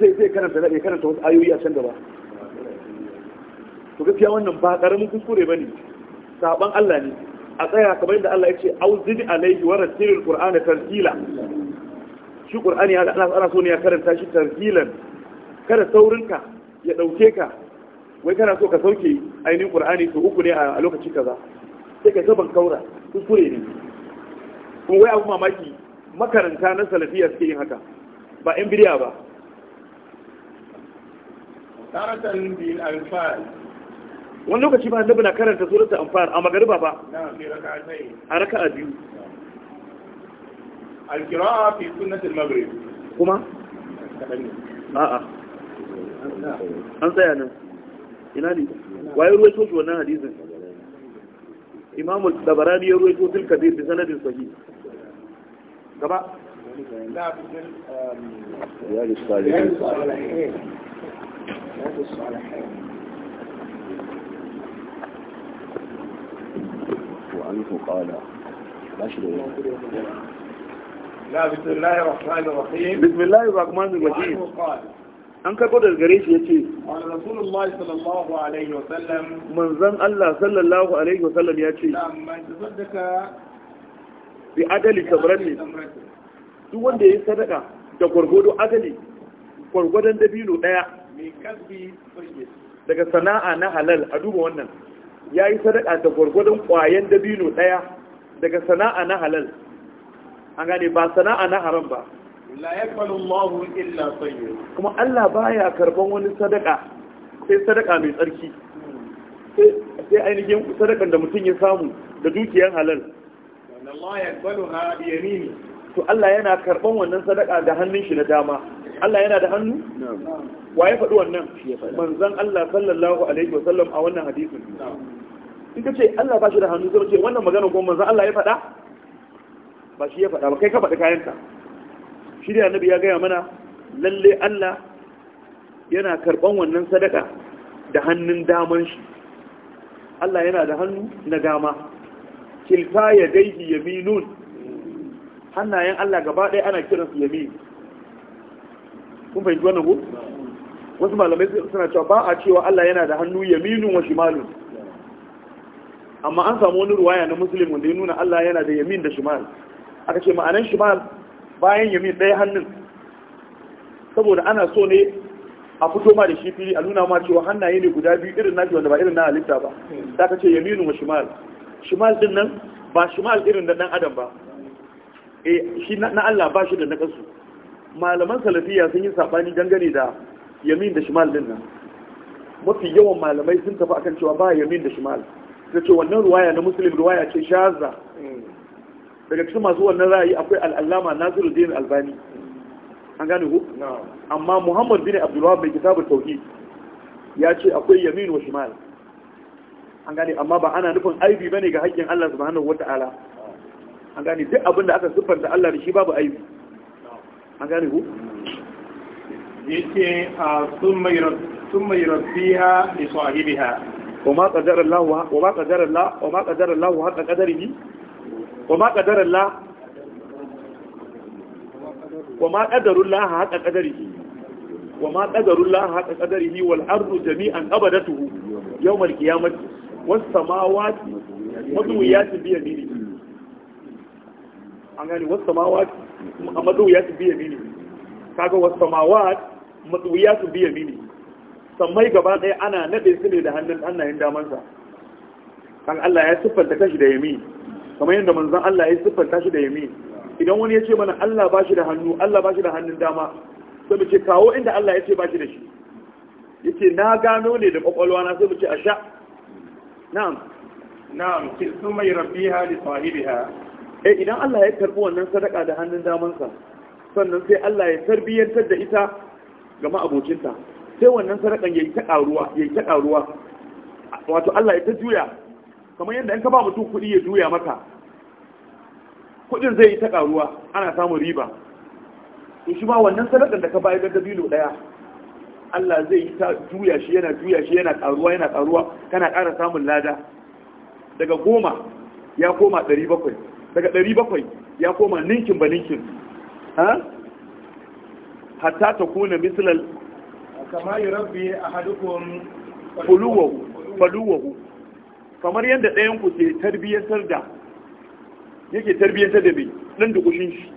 sai sai karanta ya karanta wasu ayoyi a can gaba to gaskiya wannan ba karamin kuskure bane saban Allah ne a tsaya kamar yadda Allah ya ce auzini alaihi wa ratilil qur'ana tartila shi ƙur'ani ana so ne ya karanta shi targilan kada saurinka ya ɗauke ka wai kana so ka sauke ainihin ƙur'ani to uku ne a lokaci kaza sai ka zaban kaura kuskure ne kuma wai abu mamaki makaranta na salafiya suke yin haka ba yan bidiya ba wani lokaci ba annabi na karanta suratul anfal a magariba ba a raka'a biyu القراءة في سنة المغرب كما؟ اه اه أنت يعني إنادي ويروي توش ونا حديثا إمام الدبراني يروي توش الكبير بسنة صحيح كما؟ لا بجل يا للصالحين يا للصالحين وعنه قال باشر ويروي لا بسم الله الرحمن الرحيم بسم الله الرحمن الرحيم an karɓo daga gare ya ce manzan Allah sallallahu alaihi wasallam ya ce bi adali kamar ne duk wanda ya yi sadaka da gwargwado adali gwargwadon dabino ɗaya daga sana'a na halal a duba wannan ya yi sadaka da gwargwadon ƙwayen dabino ɗaya daga sana'a na halal an gane ba sana'a na haram ba illa kuma Allah baya karban wani sadaka sai sadaka mai tsarki sai ainihin sadakan da mutum ya samu da dukiyar halal to Allah yana karban wannan sadaka da hannun shi na dama Allah yana da hannu wa ya faɗi wannan manzan Allah sallallahu alaihi wasallam a wannan hadisin in ka ce Allah ba shi da hannu zai ce wannan magana ko manzan Allah ya faɗa ba shi ya faɗa ba kai ka faɗi kayanka shi da annabi ya gaya mana lalle Allah yana karɓan wannan sadaka da hannun daman shi Allah yana da hannu na dama kilta ya daidi yaminun hannayen Allah gaba ɗaya ana kiransu yamin kun fahimci wannan ko wasu malamai suna cewa ba a cewa Allah yana da hannu yaminun wa shimalun amma an samu wani ruwaya na musulmi wanda ya nuna Allah yana da yamin da shimal aka ce ma'anan shimal bayan yami ɗaya hannun saboda ana so ne a fito ma da shi fili a nuna ma cewa hannaye ne guda biyu irin naki wanda ba irin na halitta ba da aka ce yaminu wa shimal shimal din nan ba shimal irin da dan adam ba eh shi na Allah ba shi da na kasu malaman salafiya sun yi sabani dangane da yamin da shimal din nan mafi yawan malamai sun tafi akan cewa ba yamin da shimal ta ce wannan ruwaya na musulmi ruwaya ce shaza daga cikin masu wannan ra'ayi akwai al'allama nasiruddin albani an gane ku amma muhammad bin abdullahi mai kitabun tauhid ya ce akwai yamin wa shimal an gane amma ba ana nufin aibi bane ga haƙƙin Allah subhanahu wata'ala an gane duk abin da aka siffanta Allah da shi babu aibi an gane ku a sun mai rabbiha li sahibiha wa ma qadara Allah wa ma qadara Allah wa ma qadara Allah hatta qadarihi wa ma qadara wa al qiyamah was samawati bi yaminihi was samawati kaga was samawati Samai gaba ɗaya ana naɗe su ne da hannun hannayen damansa kan Allah ya siffanta kashi da yamin kamar yadda manzon Allah ya siffanta shi da yamin idan wani ya ce mana Allah ba shi da hannu Allah ba shi da hannun dama sai mu ce kawo inda Allah ya ce ba shi da shi ce na gano ne da kwakwalwa na sai mu ce sha na'am na'am kisumai rabbiha da sahibiha eh idan Allah ya karɓi wannan sadaka da hannun damansa sannan sai Allah ya tarbiyyantar da ita ga ma'abocinta sai wannan sadakan ya ta ta ƙaruwa wato Allah ya ta juya kamar yadda in ka ba mutum kuɗi ya juya maka kuɗin zai yi ta ƙaruwa ana samun riba to shi ma wannan sadakar da ka bayar da dabino ɗaya Allah zai yi ta juya shi yana juya shi yana ƙaruwa yana ƙaruwa kana ƙara samun lada daga goma ya koma ɗari bakwai daga ɗari bakwai ya koma ninkin ba ninkin hatta ta kuna misalar Kamar yi rabbi a hadukun faluwahu kamar yadda ɗayan ku ke tarbiyyantar da yake tarbiyyantar da mai ɗan kushin shi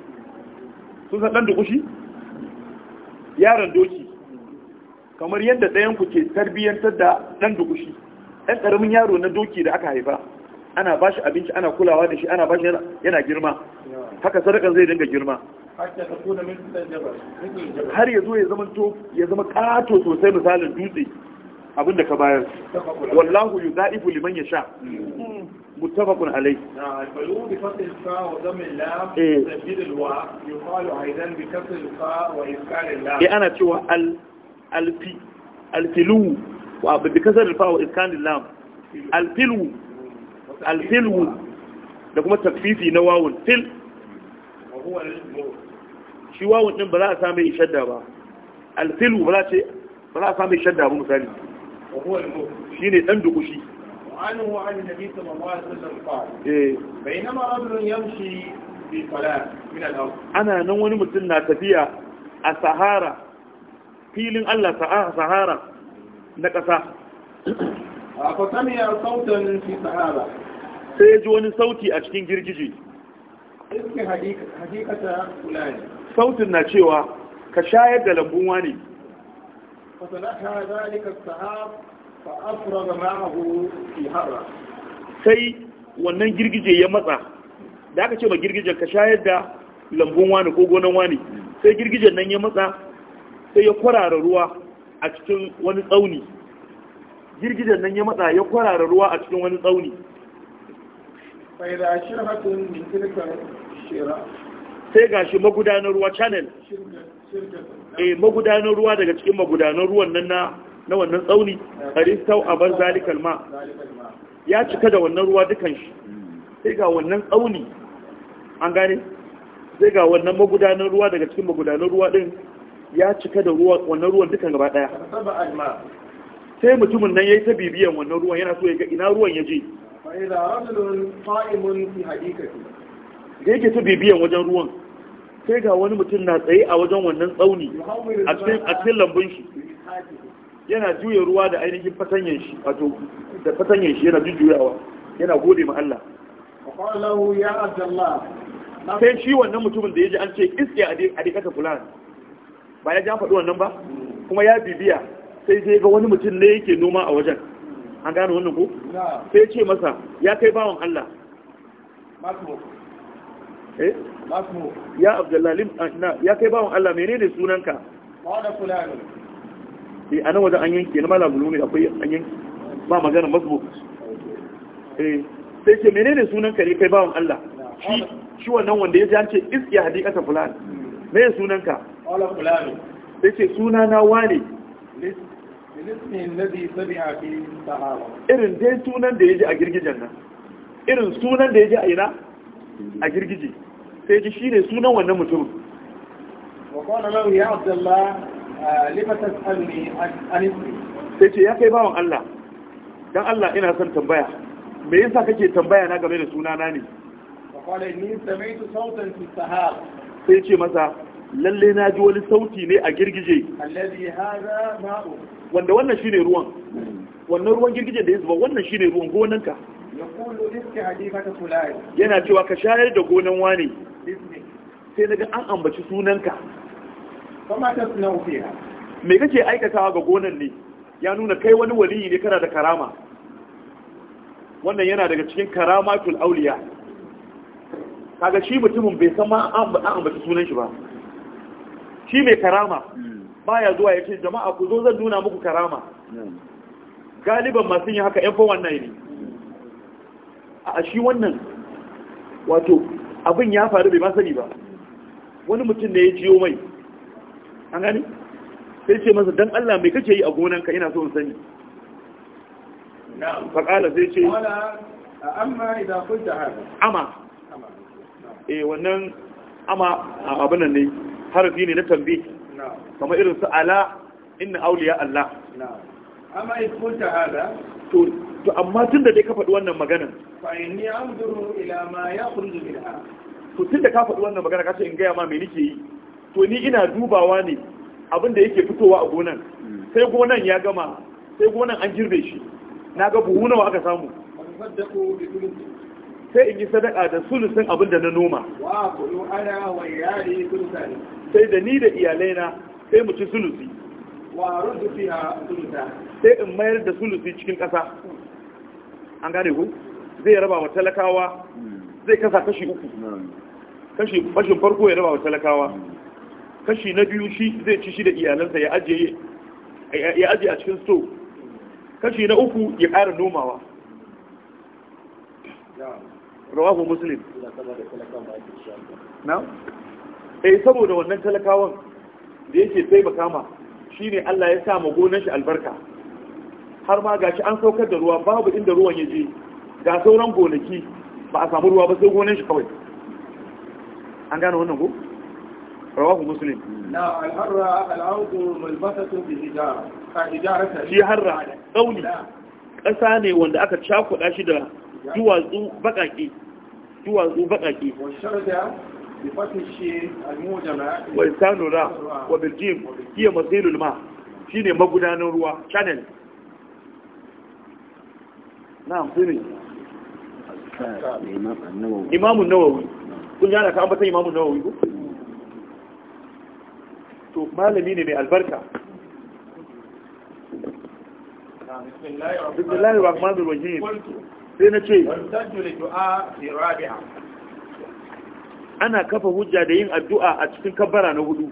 sun san ɗan dukushi yaron doki kamar yadda ɗayan ku ke tarbiyyantar da ɗan dukushi ɗan ƙaramin yaro na doki da aka haifa ana ba shi abinci ana kulawa da shi ana ba shi yana girma haka sadakan zai dinga girma har ya zo ya zama ƙato sosai misalin dutse abin da ka bayar wallahu yudaifu liman yasha muttafaqun alayh al-balugh bi fath al-fa wa dam al-lam tasdid al-wa yuqalu aidan bi kasr al-fa wa iskan al-lam eh ana cewa al alfi alfilu wa bi kasr al-fa wa iskan al-lam alfilu alfilu da kuma takfifi na wawun fil shi wawun din ba za a same shadda ba alfilu ba za a ce ba za a same shadda ba misali shine dan dukushi anhu an nabi sallallahu alaihi wasallam qala eh bainama rajulun yamshi fi salat min al-ard ana nan wani mutum na tafiya a sahara filin Allah sahara na ƙasa a fasamiyar sautan fi sahara sai ya ji wani sauti a cikin girgije iske hakikata fulani sautin na cewa ka shayar da lambun wani فتنحى ذلك السحاب فأفرغ معه في هرة سي wannan girgije ya matsa da aka ce ma girgijen ka shayar da lambun wani ko gonan wani sai girgijen nan ya matsa sai ya kwarara ruwa a cikin wani tsauni girgijen nan ya matsa ya kwarara ruwa a cikin wani tsauni sai da shirhatun min tilkar shira sai gashi magudanar ruwa channel eh magudanar ruwa daga cikin magudanar ruwan nan na na wannan tsauni aristau abar zalikal ma ya cika da wannan ruwa dukan shi sai ga wannan tsauni an gane sai ga wannan magudanar ruwa daga cikin magudanar ruwa din ya cika da ruwa wannan ruwan dukan gaba daya sai mutumin nan yayi ta bibiyan wannan ruwan yana so ya ga ina ruwan yaje fa ila rajulun qa'imun fi hadikati da yake ta bibiyan wajen ruwan sai ga wani mutum na tsaye a wajen wannan tsauni a cikin lambun shi yana juya ruwa da ainihin fatanyen shi wato da fatanyen shi yana jujjuyawa yana gode ma Allah sai shi wannan mutumin da ya ji an ce iske a dikata fulan ba ya jan faɗi wannan ba kuma ya bibiya sai sai ga wani mutum ne yake noma a wajen an gane wannan ko sai ce masa ya kai bawan Allah Eh? ya abdullalim ah, na ya kai bawon Allah menene sunanka wala fulani eh anan wajen an yanke na mala ne akwai an yanke ba magana masbu eh sai ce menene sunanka ne kai bawon Allah shi wannan wanda ya jance iskiya hadikata fulani hmm. me sunanka wala fulani sai ce sunana wane irin dai sunan da ya ji a girgijen nan irin sunan da ya ji a ina a girgije sai ji shi ne sunan wannan mutumin sai ce ya kai bawan Allah don Allah ina son tambaya me yasa kake tambaya na game da sunana ne sai ce masa lalle na ji wani sauti ne a girgije wanda wannan shi ne ruwan wannan ruwan girgijen da ya zuba wannan shine ruwan gonanka yana cewa ka shayar da gonan wane sai na ga an ambaci sunanka me kake aikatawa ga gonan ne ya nuna kai wani waliyi ne kana da karama wannan yana daga cikin karama auliya kaga shi mutumin bai san an ambaci sunan shi ba shi mai karama hmm. baya zuwa ya ce jama'a ku zo zan nuna muku karama hmm. galiban masu yin haka yan fowar ne a shi wannan wato abin ya faru bai masani sani ba wani mutum ne ya jiyo mai an gani sai ce masa don Allah mai kake yi a gonanka ina son sani faƙala sai ce amma idan haka eh wannan ama nan ne harafi ne na tambi kamar irin su ala inna auliya Allah amma in kunta hada to to amma tunda dai ka faɗi wannan magana. fa inni anzuru ila ma yakhruju minha to tunda ka faɗi wannan magana ka in gaya ma me nake yi to ni ina dubawa ne abin da yake fitowa a gonan sai gonan ya gama sai gonan an girbe shi na ga buhu nawa aka samu sai in yi sadaka da sulusin abin da na noma sai da ni da iyalaina sai mu ci sulusi wa rudu fiha sulusa sai in mayar da sulusi cikin ƙasa an gane ku zai raba wa talakawa zai kasa kashi uku kashi bashin farko ya raba wa talakawa kashi na biyu shi zai ci shi da iyalansa ya ajiye a cikin sto kashi na uku ya ƙara nomawa rawahu muslim na eh saboda wannan talakawan da yake ba kama. shine Allah ya sa gonar shi albarka har ma gashi an saukar da ruwa babu inda ruwan ya je ga sauran gonaki ba a samu ruwa ba sai gonar shi kawai an gane wannan ko rawahu muslim na al-harra al bi hijara ka hijarata shi harra dauli ƙasa ne wanda aka cakuɗa shi da duwatsu baƙaƙe duwatsu baƙaƙe wa isanu ra wa biljim iya matsayin ma shine ne ruwa channel na amfani imamun nawawi kun yana ka ambatan imamun nawawi ko? to malami ne mai albarka bismillahir rahmanir rahim sai na ce ana kafa hujja da yin addu'a a cikin kabbara na hudu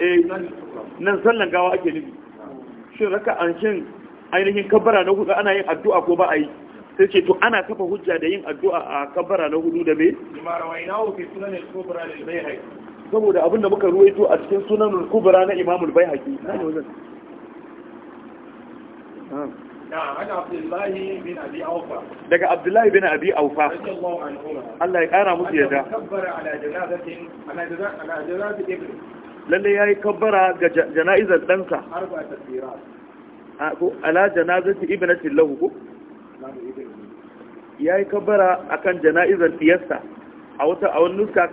eh, nan sallan gawa ake nufi shin raka an shin ainihin kabbara na hudu ana yin addu'a ko ba a yi sai ce to ana kafa hujja da yin addu'a a kabbara na hudu da me saboda abinda muka ruwaito a cikin sunan kubra na imamul baihaqi na ne wajen daga abdullahi bin abi aufa Allah ya kara musu yadda lalle ya yi kabbara ga jana'izar ɗansa ala jana'izarci ibinati ko. ya yi kabbara a kan jana'izar fiyasta a wata a wani nuska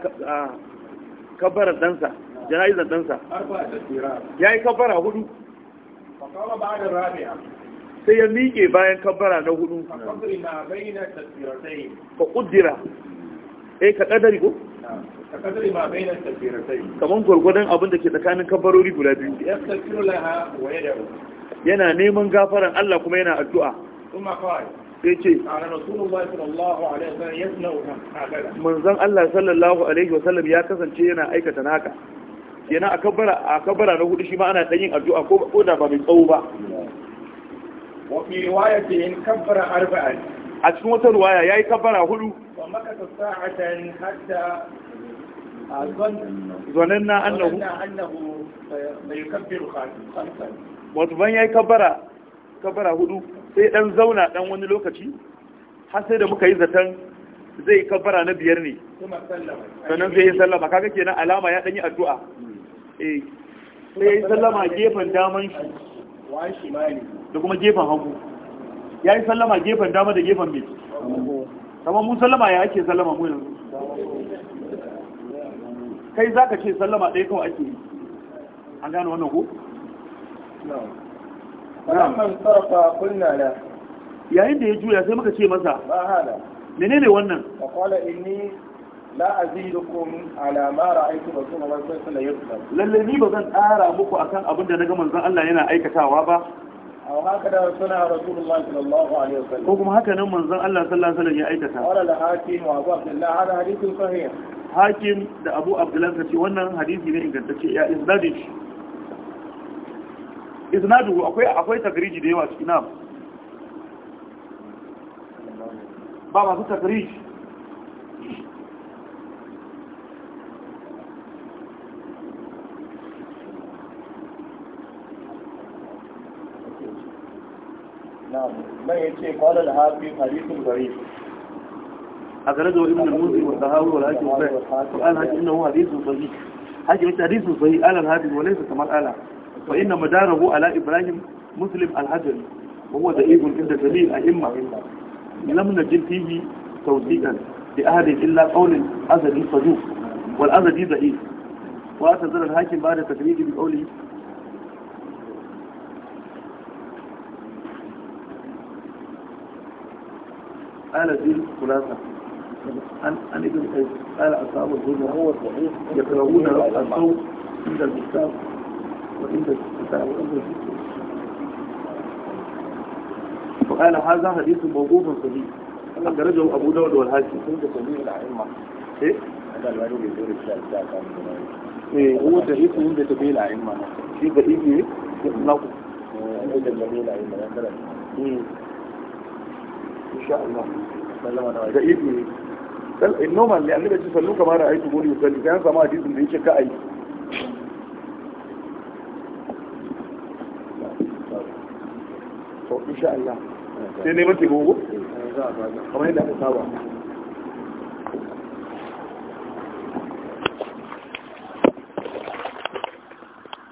kabbarar ɗansa jana'izar ɗansa ya yi kabbara hudu sai ya miƙe bayan kabbara na hudu ka ƙuddira eh ka ƙadari ko? kamar gwargwadon abin da ke tsakanin kabbarori guda biyu yana neman gafaran Allah kuma yana addu'a sai ce manzan Allah sallallahu alaihi wasallam ya kasance yana aikata naka yana a kabbara na hudu shi ma ana ɗanyin addu'a ko da ba mai tsawo ba wa fi yin kabbara arba'an a cikin wata riwaya yi kabbara hudu wa makasa sa'atan hatta zananna annahu mai sayukabbiru khamsan wato ban ya yi kabbara hudu sai dan zauna dan wani lokaci har sai da muka yi zaton zai kabbara na biyar ne sannan zai yi sallama kaga kenan alama ya dan yi addu'a hmm. eh sai ya yi sallama gefen daman shi da kuma gefen hagu ya yi sallama gefen dama da gefen mai kamar mun sallama ya ake sallama mu yanzu kai za ka ce sallama ɗaya kawai ake yi an gano wannan ku? yayin da ya juya sai muka ce masa menene wannan? la azidukum ala ma ra'aytu rasulullahi sallallahu alaihi wasallam yaqul lalle ni bazan tsara muku akan abin da ga manzon Allah yana aikatawa ba aw haka da suna rasulullahi sallallahu alaihi wasallam ko kuma haka nan manzon Allah sallallahu ya aikata wala la hakim wa abu abdullah hada hadithun sahih hakim da abu abdullah kace wannan hadisi ne ingantacce ya isnadin shi isnadu akwai akwai tagriji da yawa cikin ba masu tagriji nan ya ce kwanar da hafi hadisun gari a gare da ibn al-muzi wa sahawi wa hakim bai to an hakim innahu hadithun sahih hakim ta hadithun sahih ala al-hakim wa laysa kama ala fa inna madarahu ala ibrahim muslim al-hajri wa huwa da'ibun inda dalil a'imma lam najid fihi bi illa wal azadi wa قال دي خلاصه ان ان ابن قيس قال أصحاب الظلم هو صحيح يكرهون الصوت عند المختار وعند الكتاب وعند وقال هذا حديث موقوف صحيح أخرجه أبو داود والهاشمي إيه؟ إيه، إيه؟ آه، عند جميع الأئمة إيه؟ هذا الوالد يدور الشاذ إيه هو صحيح عند جميع الأئمة في ضعيف إيه؟ نقص عند جميع الأئمة insha Allah sallama da da ido ne sal in eh, normal ne annabi da yake ka ayi